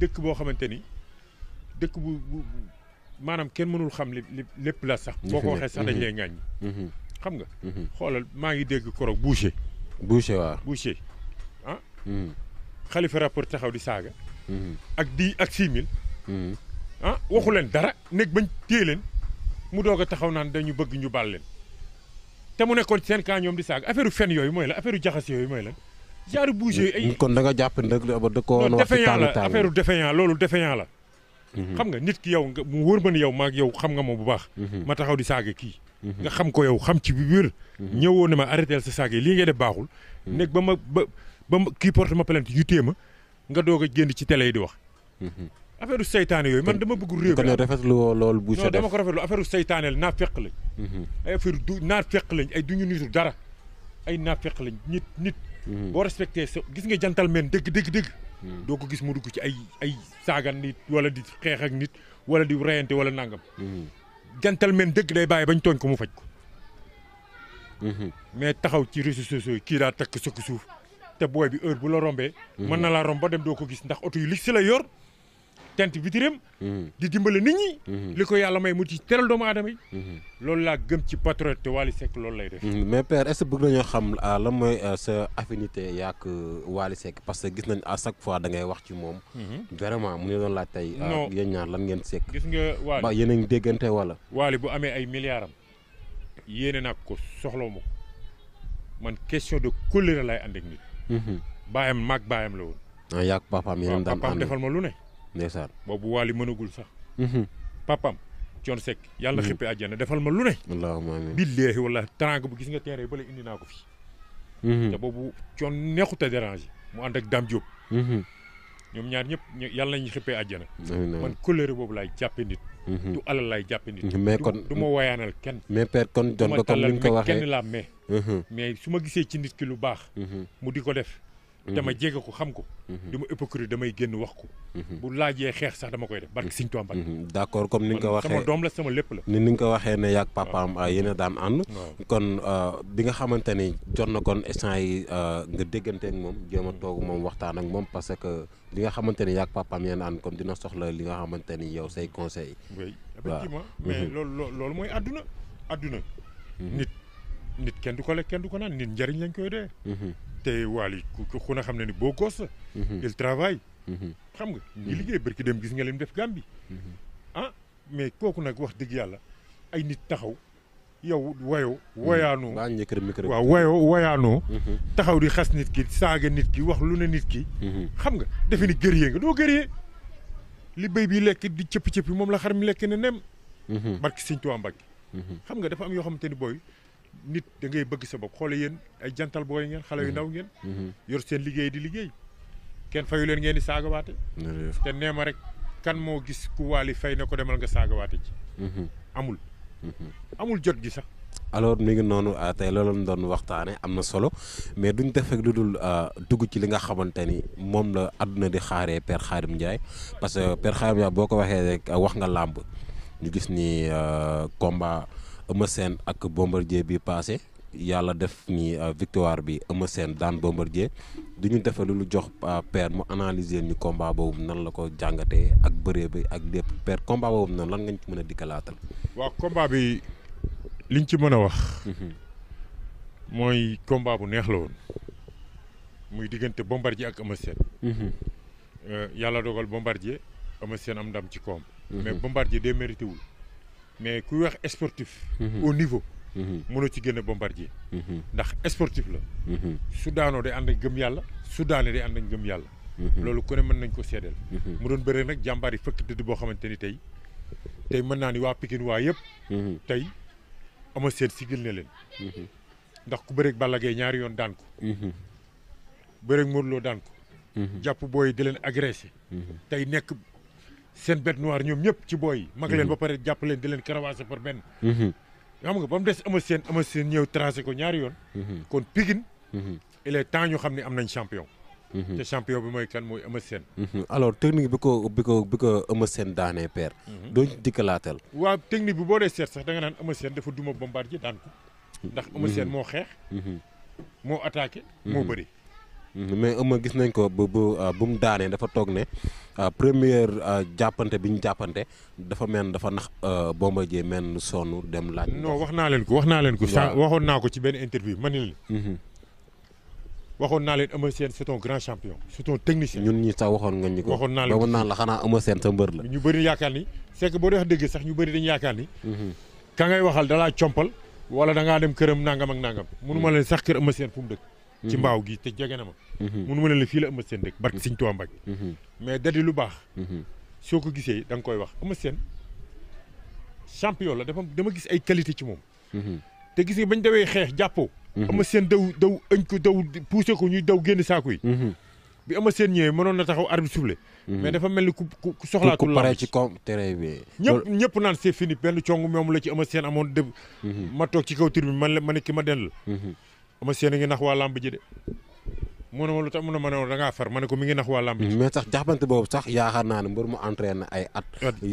dëkk boo xamante ni dëkk bu bu maanaam kenn mënul xam li lépp la sax. boo ko waxee sax dañ mhm. lay ŋàññi. Mhm. xam nga. Mhm. xoolal maa ngi dégg koroog boucher. boucher waaw boucher ah. xalifa rapport taxaw di saaga. ak di ak six mille. ah waxu leen dara nekk bañ téye leen mu doog a taxaw naan dañu bëgg ñu baal leen te mu nekkoon ci seen kaa ñoom di saaga affaire fen yooyu mooy la affaire jaxas yooyu mooy la. jaaru bouger kon da nga jàpp ne rek da koo woon wax ci taalu taalu loolu défaillant la. Mhm. xam nga nit ki yow nga mu wóor ma ni yow maag yow xam nga moom bu baax. Mhm. ma taxaw di saaga kii. Mhm. nga xam ko yow xam ci bi wér. ñëwoon ne ma arrêté sa saaga yi lii ngay def baaxul. nekk ba ma ba ba kii porte ma plainte yu téema nga doog a génn ci télé di wax. affaire seytaane yooyu man dama bëgg réew mi kon rafetlu woo loolu bu non dama ko rafetlu affaire seytaane la naa feq lañ. ay du naa feq lañ ay duñu dara ay naa feq lañ nit nit Mhm. boo respecté sa gis nga gentleman dëgg dëgg dëgg. Mhm. doo ko gis mu dugg ci ay ay saagan nit wala di xeex ak nit wala di reyante wala nangam. Mhm. gentleman dëgg day bàyyi bañ tooñ ko mu faj ko. mais taxaw ci réseaux sociaux yi kii daa takk sëkk suuf te booy bi heure bu la rombee. mën na laa romb ba dem doo ko gis ndax oto yi ligg si la yor. tent vitiram hmm. di dimbali nit ñi. Hmm. li ko yàlla may mu te teral doomu aadama yi. Hmm. loolu laa gëm ci patriote Wally Seck loolu lay def. mais père est-ce que bëgg nañoo xam ah, lan mooy euh, sa affinité yaak euh, Wally Seck parce que gis nañ à chaque fois da ngay wax ci moom. vraiment mu ne doon laa tey. Ah, non yéen lan ngeen sekk. gis nga Wally ba yéen ngi déggante wala. Wally bu amee ay milliards am yéene naa ko soxlawu ma man question de couleur lay ànd ak nit. baayam maag baayam la woon. ah ndeysaan boobu Waly mënagul sax. Mhm. papam Thion Seck. yàlla mhm. xëppee àjjana defal ma lu ne. allahumma amiin billaahi wala tànk bu gis nga teere ba la indi naa ko fi. Mhm. te boobu Thion neexut a déranger. mu ànd ak Dame Diop. ñoom ñaar ñëpp yàlla nañu xëppee àjjana. man colère boobu laay jàppe nit. du alal laay jàppe nit. mais kon du ma wayaanal kenn. mais père kon John ba ko waxee du ma kenn laa mais. mais su ma gisee ci nit ki lu baax. mu di ko def. Mhm. dama jege ko xam ko. Mhm. du ma hypocrite damay génn wax ko. Mhm. bu laajee xeex sax dama koy def barki Sëñ Tuubaa d' accord comme ni nga ko waxee sama doom sama lépp la. ni ko waxee ne yàgg papaam yéen a daan ànd. kon euh, bi nga xamante ni jot na kon instant yi euh, nga déggante ak moom jéem a toog moom waxtaan ak moom parce que li nga xamante ni yàgg papaam yéen a ànd comme dina soxla li nga xamante ni yow say conseils. waaw effectivement mais loolu mooy àdduna àdduna nit. nit kenn du ko lekk kenn du ko naan nit njëriñ lañ koy dee. Mhm. te Wally ku na xam ne ni boo gosse. Mhm. il travaille. Mhm. xam nga ñu liggéey barki dem gis nga leen def Gàmbi. ah mais kooku nag wax dëgg yàlla ay nit taxaw yow wayoo. woyaanoo waaw wayoo woyaanoo. taxaw di xas nit ki saaga nit ki wax lu ne nit ki. xam nga defe ni gërëyee nga doo gërëyee. li béy bi lekk di cëpp cëppi moom la xar mi lekk ne nem. barki Sëñ Tuubaa Mbàkke. xam nga dafa am yoo xamante ni booy nit da ngay bëgg sa bopp xoole yéen ay jantal booy ngeen xale yu mm-hmm. ndaw ngeen mm-hmm. yor seen liggéey di liggéey kenn fayu leen ngeen di saagawaate te nee ma rek kan moo gis ku yi fay na ko demal nga saagawaate ci mm-hmm. amul amul jot gi sax alors mi ngi noonu ah, tey loolu lañ doon waxtaane am na solo mais duñ def rek lu dul ah, dugg ci li nga xamante ni moom la àdduna di xaaree Père Khadim Ndiaye parce que Père Khadim Ndiaye boo ko waxee rek ah, wax nga làmb ñu gis ni komba Eumeu Sène ak Bombardier bi passé yàlla def ni euh, victoire bi Eumeu Sène daan Bombardier du ñu defe lu jox euh, père mu analyser ni combat boobu nan la ko jàngatee ak bëree bi ak lépp père combat boobu nan lan nga ci mën a dikkalaatal. waaw komba bi liñ ci mën a wax. Mhm. mooy combat bu neex la woon muy diggante Bombardier ak Eumeu mhm. euh, yàlla dogal Bombardier Eumeu Sène am ndam ci koom. Mhm. mais Bombardier dee mérité mais kuy wax sportif. Mhm. au niveau. Mhm. mënoo ci génne bombardier. Mhm. ndax sportif la. su daanoo day ànd ak gëm yàlla su daanee day ànd ak gëm yàlla. loolu ku ne mën nañ ko seedeel. mu doon bëri nag jàmbaar yi fëkk dëdd boo xamante ni tey tey mën naa ni waa Pikine waa yëpp. tey ama seet sigil ne leen. ndax ku bëreeg Balla Gaye ñaari yoon daan ko. bëreeg Modou daan ko. jàpp booy di leen agressé. tey nekk seen bête noire ñoom ñëpp ci booy mag leen ba mhm. pare jàpp leen di leen karawaase par benn mhm. xam nga ba mu des ama seen ama seen ñëw tracé ko ñaari yoon mhm. kon Pikine il est temps ñu xam ne am nañ champion te champion bi mooy kan mooy ama Sène alors technique bi ko bi ko bi ko Eumeu Sène daanee père doo ci dikkalaatal waaw technique bi boo dee seet sax danga naan Eumeu seen dafa duma Bombardier daan ko ndax Eumeu Sène moo xeex moo attaqué moo bëri mais ëmma gis nañ ko bu bu ah, bu mu daanee dafa toog ne ah, première ah, jàppante bi ñu jàppante dafa mel dafa nax Bombardier mel sonn dem laaj. non wax naa leen ko wax naa leen ko. sa waxoon naa ko ci benn interview ma ni leen. Mhm. waxoon naa leen Eumeu Sène c'est un grand champion. c'est ñun ñi sax waxoon nga ñu ko. waxoon naa leen ko la xanaa Eumeu Sène sa mbër la. ñu bëri yaakaar ni c'est que boo dee dëgg sax ñu bëri dañu yaakaar ni. Mhm. ka ngay waxal dalaa compal. wala da ngaa dem këram nangam ak nangam. mënuma mhm. leen sax kër Eumeu Sène fu mu dëkk. ci mhm. mbaaw gi te jege na ma mhm. munu ma ne la fii la Eumeu Sène dëkk barke Sëñ Tuubaa Mbàkke mhm. mais da lu baax soo ko gisee danga koy wax Eumeu Sène champion la dafa dama gis ay qualité ci moom te gis nga bañ dawee xeex jàppoo Eumeu seen daw daw ëñ ko daw poussé ko ñuy daw génn saako yi bi Eumeu Sène ñëwee mënoon na taxaw arbitre soufflé mais dafa mel ni ku ku soxlaatul ku pare ci kaw terrain bi ñëpp ñëpp naan c'est fini benn cong moom la ci Eumeu Sène amoon dëb ma toog ci kaw tribune man la ma ne ma den la ama seen a ngi nax waa làmb ji de mu ne ma ne ma ne far ma ko mi ngi nax waa làmb ji mais sax jaxbante boobu sax yaakaar naa ne mbër mu entraîné ay at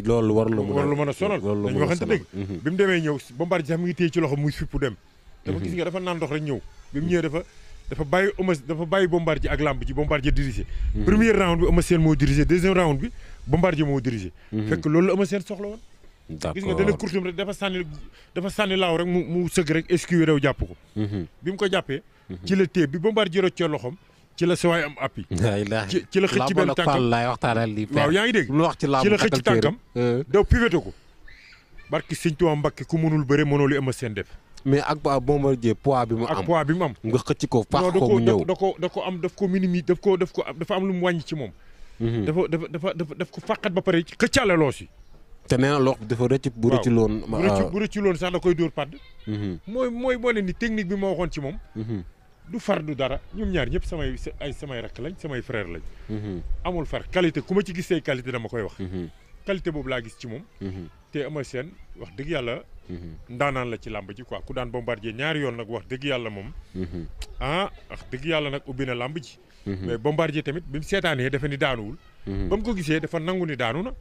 loolu war lu war lu mën a sonal dañu waxante dëgg mhm. bi mu demee ñëw Bombardier sax mi ngi téye ci loxo muy fippu dem dafa gis nga dafa naan ndox rek ñëw bi mu ñëwee dafa dafa bàyyi Eumeu dafa bàyyi ak làmb ji Bombardier dirigé mhm. premier round bi Eumeu Sène moo dirigé deuxième round bi Bombardier moo dirigé mhm. fekk loolu gis nga dana kurtum rek dafa sànni dafa sànni laaw rek mu mu sëgg rek esquive réew jàpp ko mhm. bi mu ko jàppee mhm. ci la téeb bi Bombardier roccee loxom ci la sawaay am appui ci la xëcc benn tànkam laay waxtaanal lii waaw yaa ngi dégg ci la xëcc tànkam euh. daw pivoté ko barki sëñ Tuubaa Mbàkke ku mënul bëre mënoo li ëma seen def mais ak Bombardier poids bi mu am ak bi mu am nga xëcc ko faax ko mu ñëw da ko da ko am daf ko minimi daf ko daf ko dafa am lu mu wàññi ci moom mhm. dafa dafa dafa daf ko fàqat ba pare xëccaale loos yi te nee na loxo bi dafa rëcc bu rëcculoon. waaw sax da koy dóor padd. Mm-hmm. mooy mooy moo ne ni technique bi ma waxoon ci moom. Mm-hmm. du far du dara ñoom ñaar ñëpp samay ay samay rakk lañ samay frère lañ. Mm-hmm. amul far qualité ku ma ci gis say qualité dama koy wax. qualité boobu laa gis ci moom. te ama seen wax dëgg yàlla. ndaanaan la ci làmb ji quoi ku daan bombardier ñaari yoon nag wax dëgg yàlla moom. ah wax dëgg yàlla nag ubbi na làmb ji. mais bombardier tamit bi mu seetaanee dafa ni daanuwul. ba mu ko gisee dafa nangu ni daanu na.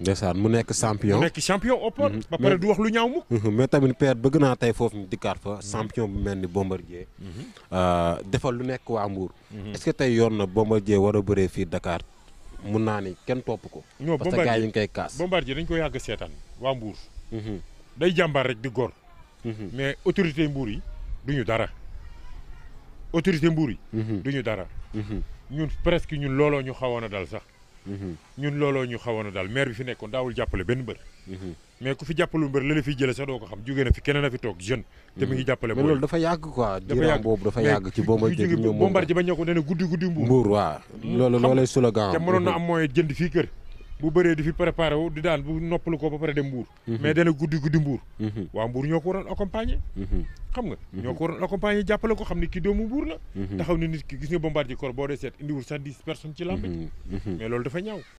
ndeysaan mu mu nekk champion opor mhm. ba pare du wax lu ñaaw mukk mhm. mais tamit père bëgg naa tey foofu ñu dikkaat fa champion bu mel ni Bombardier mhm. euh, defal lu nekk waa mbuur est-ce que tey yoon na Bombardier war a bëree fii Dakar mun naa ni kenn topp ko parce que gars yi ñu koy kaas Bombardier dañ koy yàgg seetaan waa Mbour day jàmbaar rek di góor mais autorité mbuur yi du ñu dara autorité Mbour yi du ñu dara ñun presque ñun looloo ñu xawoon a dal sax Mm-hmm. ñun looloo ñu xawoon a daal maire bi fi nekkoon daawul jàppale benn mbër. Mm-hmm. mais ku fi jàppalu mbër la la fiy jëlee sax doo ko xam jóge fi keneen a fi toog jeune. te mu ngi mm-hmm. jàppale boobu loolu dafa yàgg quoi. dafa yàgg boobu dafa yàgg ci Bombardier ji ñoom Bombardier ji ba ñoo ko na guddi guddi mbuur. mbuur waaw loolu loolay slogan. te mënoon na am mooy jënd fii kër. bu bëree di fi préparé wu di daan bu noppalu ko ba pare dem mbuur mhm. mais dana guddi guddi mbuur mhm. waa mbuur ñoo ko waroon accompagner mhm. xam nga ñoo ko waroon accompagner jàppale ko xam ne kii doomu mbuur la taxaw ni nit ki gis nga bombardier kor boo dee seet indiwul sax dix personnes ci làmb ji mais loolu dafa ñaaw